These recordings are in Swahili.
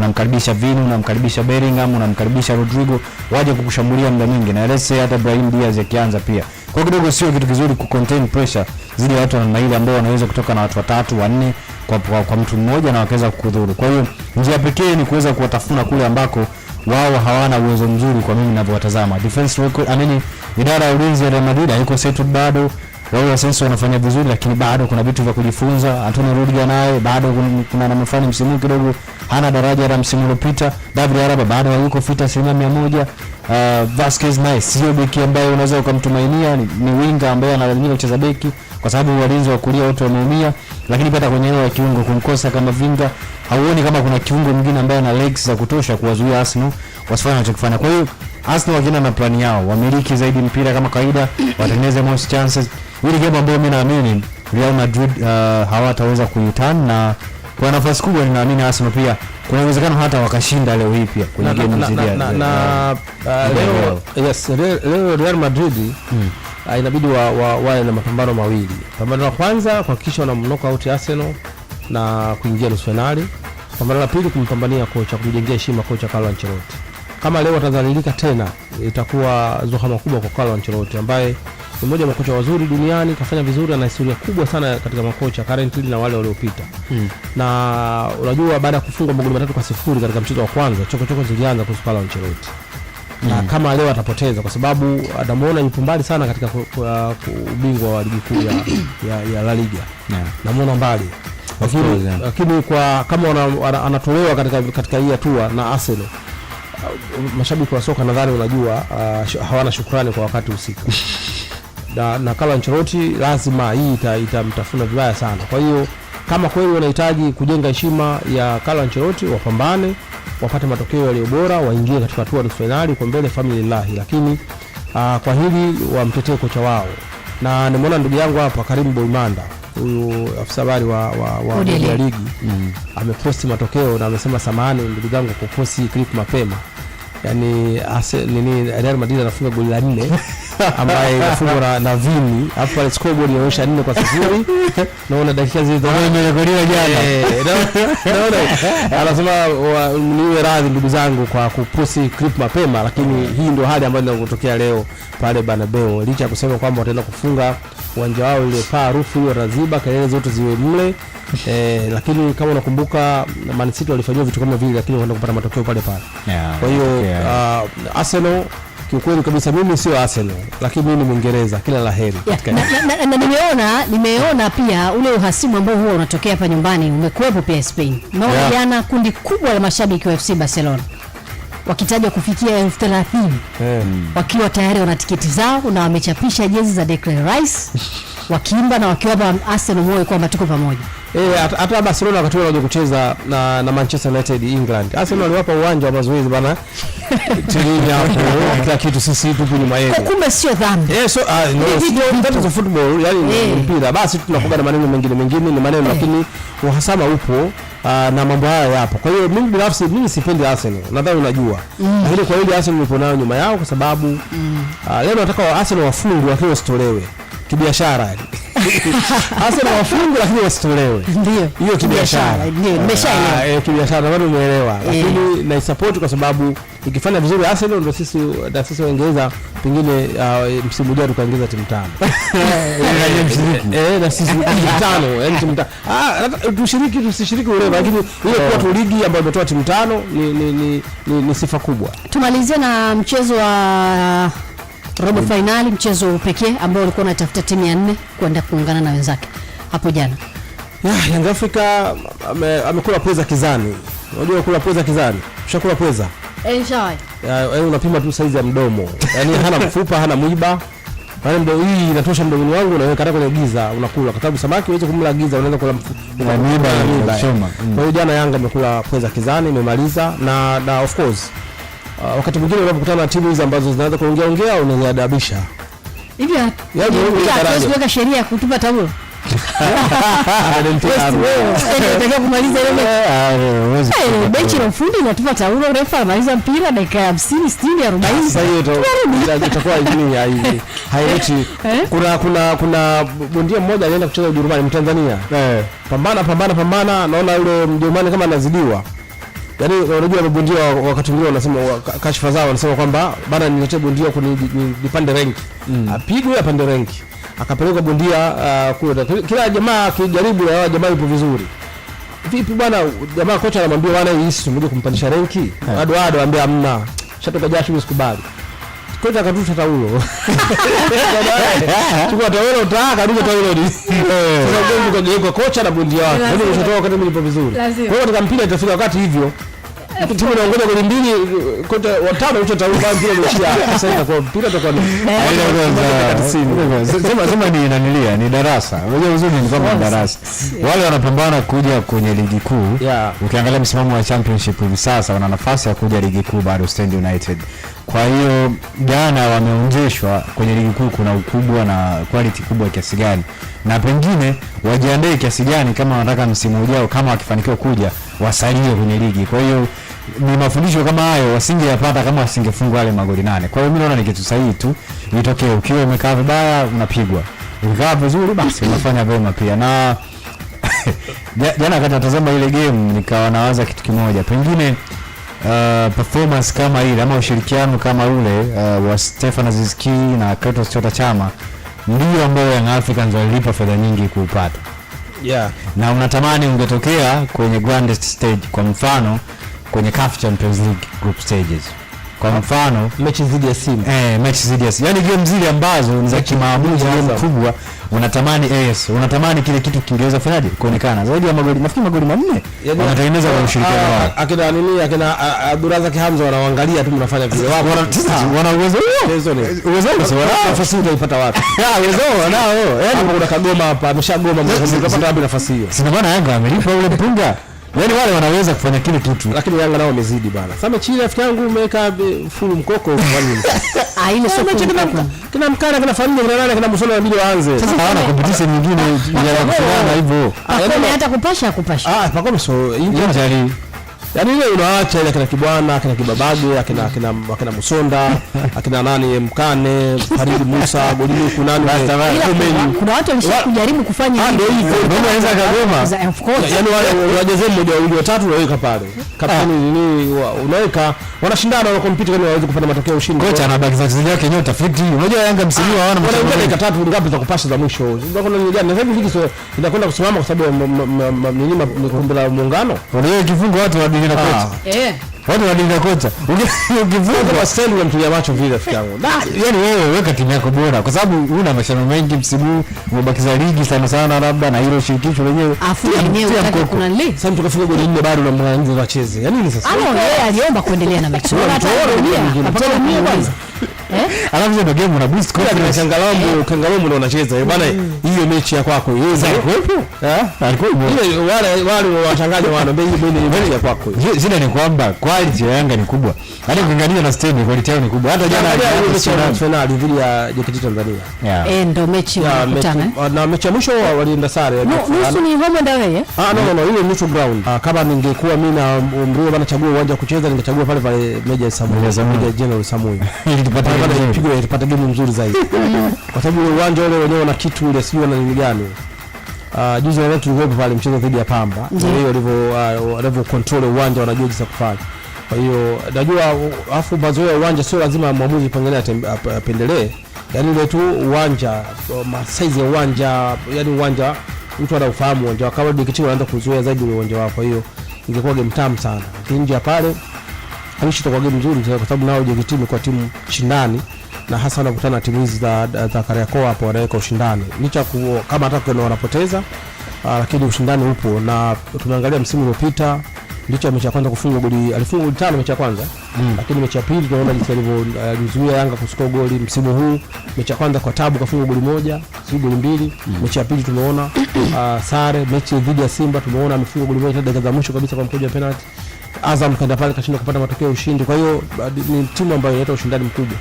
unamkaribisha vinu unamkaribisha Bellingham, unamkaribisha Rodrigo waje kukushambulia mda mwingi, na let's hata Brahim Diaz yakianza pia. Kwa kidogo sio kitu kizuri ku contain pressure zidi ya watu wa namna ambao wanaweza kutoka na watu watatu wanne kwa, kwa, kwa mtu mmoja na wakaweza kukudhuru. Kwa hiyo njia pekee ni kuweza kuwatafuna kule ambako wao hawana uwezo mzuri kwa mimi ninavyowatazama. Defense record, I mean, idara ya ulinzi ya Real Madrid haiko settled bado Raul Asensio anafanya vizuri, lakini bado kuna vitu vya kujifunza. Antonio Rudiger naye bado kuna namna fulani, msimu kidogo hana daraja la msimu uliopita. David Araba bado hayuko fit asilimia mia moja. Uh, Vasquez naye sio beki ambaye unaweza ukamtumainia, ni, ni winga ambaye analazimika kucheza beki kwa sababu walinzi wa kulia wote wameumia, lakini pata kwenye eneo la kiungo kumkosa kama vinga, hauoni kama kuna kiungo mwingine ambaye ana legs za kutosha kuwazuia Arsenal wasifanye wanachokifanya. Kwa hiyo Arsenal wakienda na plani yao, wamiliki zaidi mpira kama kawaida, watengeneze most chances hili game ambayo mimi naamini Real Madrid uh, hawataweza kuitan na kwa nafasi kubwa ninaamini Arsenal pia kuna uwezekano hata wakashinda leo hii pia kwenye game zidi na, na leo uh, yes leo Real Madrid mm. Uh, inabidi wa, wa, wawe na mapambano mawili. Pambano la kwanza kuhakikisha wana knock out Arsenal na kuingia nusu finali. Pambano la pili kumpambania kocha, kumjengea heshima kocha Carlo Ancelotti. Kama leo watadhalilika tena, itakuwa zuhama kubwa kwa Carlo Ancelotti ambaye ni mmoja wa makocha wazuri duniani, kafanya vizuri, ana historia kubwa sana katika makocha currently na wale waliopita mm. na unajua baada ya kufungwa magoli matatu kwa sifuri katika mchezo wa kwanza chokochoko zilianza kuhusu Carlo Ancelotti na mm. kama leo atapoteza kwa sababu anamuona yupo mbali sana katika uh, ubingwa wa ligi kuu ya, ya, ya La Liga yeah. namuona mbali lakini, yeah. lakini kwa kama anatolewa katika, katika hii hatua na Arsenal uh, mashabiki wa soka nadhani unajua uh, hawana shukrani kwa wakati husika na, na kala Ancelotti lazima hii itamtafuna ita vibaya sana. Kwa hiyo kama kweli wanahitaji kujenga heshima ya kala Ancelotti, wapambane wapate matokeo yaliyo bora, waingie katika hatua nusu fainali kwa mbele famili lahi, lakini aa, ah, kwa hili wamtetee kocha wao, na nimeona ndugu yangu hapa Karim Boimanda huyu afisa habari wa, wa, wa ligi mm. ameposti matokeo na amesema samahani ndugu zangu kuposti clip mapema yani ase, nini Real Madrid anafunga goli la nne ambaye inafungwa na, Vini hapo pale score goli inaonyesha nne kwa 0 naona dakika zile ambayo imerekodiwa jana eh, naona anasema niwe radhi ndugu zangu kwa kupusi clip mapema lakini mm. hii ndio hali ambayo inatokea leo pale Bernabeu licha ya kusema kwamba wataenda kufunga uwanja wao uliopaa, harufu hiyo raziba, kelele zote ziwe mle e, lakini kama unakumbuka Man City walifanyia vitu kama vile, lakini wakaenda kupata matokeo pale pale. Kwa hiyo ah, Arsenal kiukweli kabisa mimi sio Arsenal, lakini mimi ni Mwingereza, kila la heri yeah, na, nimeona nimeona pia ule uhasimu ambao huwa unatokea hapa nyumbani umekuwepo pia Spain. Maana jana yeah, kundi kubwa la mashabiki wa FC Barcelona wakitaja kufikia elfu thelathini mm. wakiwa tayari wana tiketi zao na wamechapisha jezi za Declan Rice wakiimba na wakiwapa Arsenal moyo kwamba tuko pamoja. Eh, hata at, Barcelona wakati waje kucheza na, na Manchester United England, Arsenal waliwapa uwanja wa mazoezi bana, tulini hapo kila kitu, sisi tupo nyuma yetu. Kumbe sio dhambi eh, so uh, no, that football, yani eh. mpira. Basi tunakuwa na maneno mengine mengine, ni maneno lakini uhasama upo Ah, na mambo hayo yapo. Kwa hiyo mimi binafsi mimi sipendi Arsenal, nadhani unajua mm. Lakini kwa hiyo Arsenal nipo nayo nyuma yao kwa sababu mm. Uh, leo nataka Arsenal wafungwe lakini wasitolewe kibiashara yani Hasa na wafungwa lakini wasitolewe. Ndio. Hiyo kibiashara. Ndio, nimeshaelewa. Ah, eh, kibiashara bado umeelewa. Eh. Lakini na support kwa sababu ikifanya vizuri Arsenal ndio sisi na sisi Waingereza pengine ah, msimu ujao tukaongeza timu tano. Eh, eh, eh, na sisi timu tano, yani timu tano. Ah, tushiriki tusishiriki ulewa lakini ile kwa tu ligi ambayo imetoa timu tano ni, ni ni ni sifa kubwa. Tumalizie na mchezo wa robo fainali, mchezo pekee ambao ulikuwa unatafuta timu ya nne kwenda kuungana na wenzake hapo jana. Yeah, Yanga Afrika amekula ame pweza kizani. Unajua kula pweza kizani, ushakula pweza eh, unapima tu saizi ya mdomo yaani hana mfupa hana mwiba mdo yaani hii inatosha mdomoni wangu, naweka hata kwenye giza unakula, kwa sababu samaki huwezi kumla giza, unaweza kula mfupa. Mm. Kwa hiyo jana Yanga amekula pweza kizani, imemaliza na, na of course Ah, wakati mwingine unapokutana na timu hizi ambazo zinaanza kuongea ongea unaziadabisha hivi, yaani kuweka sheria ya kutupa Benchi la eh, ah, eh, ufundi taulo, refa anamaliza mpira dakika hamsini, sitini, arobaini. Eh? Kuna bondia mmoja alienda kucheza Ujerumani, Mtanzania, pambana pambana pambana, naona yule Mjerumani kama anazidiwa Yaani unajua wamebondia wakati mwingine wanasema kashfa zao wanasema kwamba bana niletee bondia nipande renki. Mm. Apigwe apande renki. Akapeleka bondia uh, kule. Kila jamaa akijaribu na jamaa ipo vizuri. Vipi bwana jamaa kocha anamwambia bwana hii siku moja kumpandisha renki. Bado eh. bado anambia amna Shatoka jasho msikubali kwenda katusha taulo chukua taulo taa katusha taulo ni sasa eh. ugeni kwa kocha na bondia yaani wake ndio umeshatoka wakati mlipo vizuri kwa hiyo katika mpira itafika wakati hivyo timu inaongoza goli mbili kocha watano ucho taulo basi mpira umeishia sasa itakuwa mpira utakuwa ni eh. sema sema ni inanilia ni darasa unajua uzuri ni kama darasa wale wanapambana kuja kwenye ligi kuu ukiangalia msimamo wa championship hivi sasa wana nafasi ya kuja ligi kuu bado Stand United kwa hiyo Ghana wameonjeshwa kwenye ligi kuu kuna ukubwa na quality kubwa kiasi gani, na pengine wajiandae kiasi gani kama wanataka msimu ujao, kama wakifanikiwa kuja wasalie kwenye ligi. Kwa hiyo ni mafundisho kama hayo wasingeyapata kama wasingefungwa yale magoli nane. Kwa hiyo mimi naona ni kitu sahihi tu itokee, ukiwa umekaa vibaya unapigwa, ukikaa vizuri basi unafanya vema pia na jana, kata natazama ile game nikawa nawaza kitu kimoja pengine uh, performance kama ile ama ushirikiano kama ule uh, wa Stefan Azizki na Kratos Chota Chama ndio ambao Young Africans walilipa fedha nyingi kuupata. Yeah. Na unatamani ungetokea kwenye grandest stage, kwa mfano kwenye CAF Champions League group stages kwa mfano mechi zidi ya Simba eh, mechi zidi ya Simba, yani game zile ambazo ni za kimaamuzi mkubwa, unatamani AS, unatamani kile kitu kingeweza fanyaje kuonekana zaidi ya magoli. Nafikiri magoli manne yaani, wanatengeneza kwa ushirikiano ah, wao, akina nini, akina ah, ah, Abdurazak Kihamza wanaangalia tu, mnafanya vile wao, wana wana uwezo huo, uwezo uwezo, huo, nafasi hiyo utaipata wapi? Ah, uwezo wanao, yani kuna kagoma hapa, ameshagoma, mnapata yaani, wapi nafasi hiyo? Sina maana Yanga amelipa ule mpunga Yaani wale wanaweza kufanya kile kitu. Lakini Yanga nao wamezidi bana. Sasa mechi ile rafiki yangu umeweka fulu mkoko kwa nini? Yaani ah ile sio mkoko. Kina mkana kina familia kina nana kina msono wa bila waanze. Sasa hawana kompetisi nyingine ah, ya kufanya hivyo. Hakuna ah, yaani hata kupasha kupasha. Ah Pacome so injury yani ile unaacha ile akina Kibwana, akina Kibabage, akina akina akina Musonda, akina nani Mkane, Faridi Musa, Godini kuna nani Kuna watu walishakujaribu kufanya ah, hivyo. Ndio hivyo. Ndio anaweza kagoma. Of course. Yaani wale wajeze mmoja wawili watatu unaweka pale. Kapteni ah. nini unaweka wanashindana na kompiti kama waweze kufanya matokeo ushindi. Kocha ana za zake zenyewe yenyewe tafiti. Unajua Yanga msimu huu wana ah, matokeo. Kuna tatu ngapi za kupasha za mwisho. Ndio kuna nini na Na hivi ligi inakwenda kusimama kwa sababu ya nini mkombe la muungano. Ndio kifungo watu wa kumdili na ah. kocha. Eh. Watu wanadili na kocha. Ukivuka kwa seli unamtulia macho vile rafiki yangu. Yaani wewe weka timu yako bora kwa sababu una mashindano mengi msimu umebakiza ligi sana sana labda na hilo shirikisho lenyewe. Afu yenyewe kuna ligi. Sasa tukafunga goli nne bado unamwanza wacheze. Yaani ni sasa. Ana yeye aliomba kuendelea na mechi. Anatarajia. Anatarajia kwanza. Eh? alafu ndio game una boost kwa sababu Kangalombo eh? Kangalombo ndio unacheza eh, bwana, mm. hiyo mechi ya kwako hiyo za kwepo eh, alikuwa hiyo wale wale wachanganya wana bei bei ni ya kwako. Zile ni kwamba quality ya Yanga ni kubwa, hadi ukiangalia na stadium quality yao ni kubwa. Hata jana alikuwa na finali dhidi ya JKT Tanzania eh, ndio mechi ya wanakutana ah, na mechi ya mwisho walienda sare. Nusu ni home and away eh, ah no no, no, ile neutral ground. ah, Kama ningekuwa mimi na Mrio bana, chagua uwanja kucheza, ningechagua pale pale Meja Samuel Meja General Samuel ili tupate pigo itapata game nzuri zaidi kwa sababu ile uwanja ule wenyewe una kitu ile, sio na nini gani. Ah, juzi nadhani tulikuwa pale mchezo dhidi ya Pamba, Ndio hiyo walivyo ah, walivyo control uwanja, wanajua jinsi ya kufanya. Kwa hiyo najua afu mazoea ya uwanja sio lazima mwamuzi pengine apendelee, Yaani ile tu uwanja size ya uwanja, yani uwanja mtu anaufahamu uwanja wa kawaida, kitu anaanza kuzoea zaidi ule uwanja wao, kwa hiyo ingekuwa game tamu sana Kinje pale mwisho itakuwa game nzuri, kwa sababu nao JKT imekuwa timu shindani na hasa wanakutana na timu hizi za, za Kariakoo hapo wanaweka ushindani licha kuo, kama hata kwa wanapoteza uh, lakini ushindani upo na tunaangalia msimu uliopita licha ya mechi ya kwanza kufunga goli alifunga goli tano mechi ya kwanza mm. Lakini mechi ya pili tunaona jinsi alivyozuia uh, Yanga kusukua goli. Msimu huu mechi ya kwanza kwa tabu kafunga goli moja, si goli mbili mm. Mechi ya pili tumeona uh, ah, sare. Mechi dhidi ya Simba tumeona amefunga goli moja dakika za mwisho kabisa kwa mkojo wa penalty. Azam kaenda pale kashinda kupata matokeo ya ushindi. Kwa hiyo ni timu ambayo inaleta ushindani mkubwa.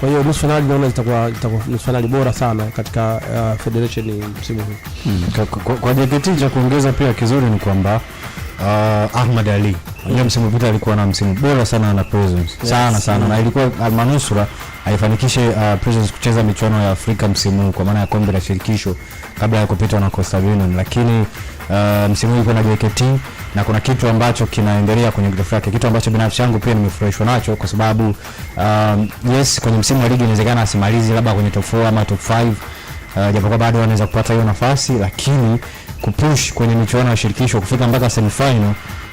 Kwa hiyo nusu finali naona zitakuwa zitakuwa nusu finali bora sana katika uh, federation msimu huu. Hmm. kwa, kwa, kwa JKT cha kuongeza pia kizuri ni kwamba uh, Ahmad Ali unajua hmm. msimu pita alikuwa na msimu bora sana na Prisons yes. sana sana mm. na ilikuwa almanusura aifanikishe uh, Prisons kucheza michuano ya Afrika msimu huu kwa maana ya kombe la shirikisho kabla ya kupitwa na Coastal Union, lakini Eh, msimu huu kwenda JKT na kuna kitu ambacho kinaendelea kwenye grafu yake, kitu ambacho binafsi yangu pia nimefurahishwa nacho kwa sababu um, yes, kwenye msimu wa ligi inawezekana asimalizi labda kwenye top 4 ama top 5 uh, eh, japokuwa bado anaweza kupata hiyo nafasi, lakini kupush kwenye michuano ya shirikisho kufika mpaka semi final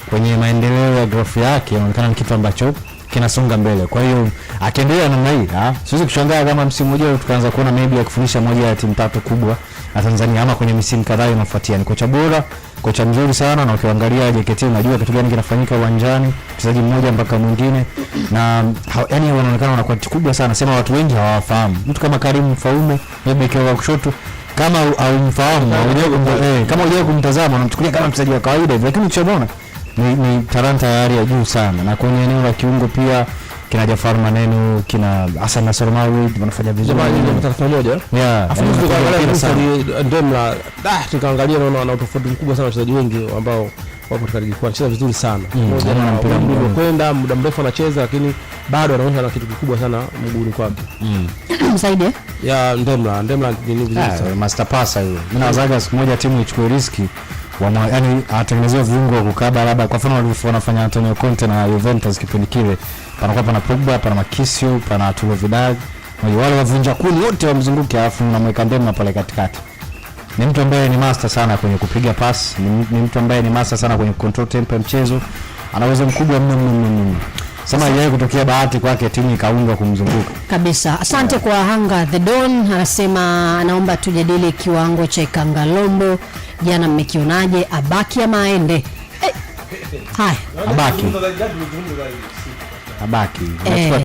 kwenye maendeleo ya grafu yake inaonekana ni kitu ambacho kinasonga mbele. Kwa hiyo akiendelea namna hii, ah, siwezi kushangaa kama msimu ujao tukaanza kuona maybe akifunisha moja ya timu tatu kubwa na Tanzania ama kwenye misimu kadhaa inafuatia. Ni kocha bora, kocha mzuri sana, na ukiangalia JKT unajua kitu gani kinafanyika uwanjani, mchezaji mmoja mpaka mwingine, na yani wanaonekana wana quality kubwa sana, sema watu wengi hawafahamu Mtu kama Karim Faume beki wa kushoto kama haumfahamu unajua kama unajua eh, kumtazama unamchukulia kama mchezaji wa kawaida hivi, lakini ukishaona ni, ni talanta ya hali ya juu sana, na kwenye eneo la kiungo pia kina Jafar Maneno, kina Hassan Nasor Mawi wanafanya vizuri. Tafuta moja. Yeah. Ndio tukaangalia wana utofauti mkubwa sana wachezaji wengi ambao wapo katika ligi kuu anacheza vizuri sana mm, kwenda muda mrefu anacheza, lakini bado anaonyesha na kitu kikubwa sana mguuni kwake. Mm. Msaidie ya Ndemla, Ndemla ni vizuri ah, sana master passer yule Mimi nawazaga siku moja timu ichukue riski yani anatengenezewa viungo kukaba, labda kwa mfano walivyokuwa wanafanya Antonio Conte na Juventus kipindi kile, panakuwa pana Pogba, pana Marchisio, pana Arturo Vidal, wale wavunja kuni wote wamzunguke, alafu unamweka Mbemba pale katikati. Ni mtu ambaye ni master sana kwenye kupiga pass, ni mtu ambaye ni master sana kwenye control tempo ya mchezo, ana uwezo mkubwa mno mno mno. Sema yeye kutokea bahati kwake timu ikaundwa kumzunguka kabisa. Asante yeah. Kwa Hanga the Don anasema anaomba tujadili kiwango cha Ikangalombo jana mmekionaje? Abaki ama aende? Eh, haya, abaki abaki. Eh.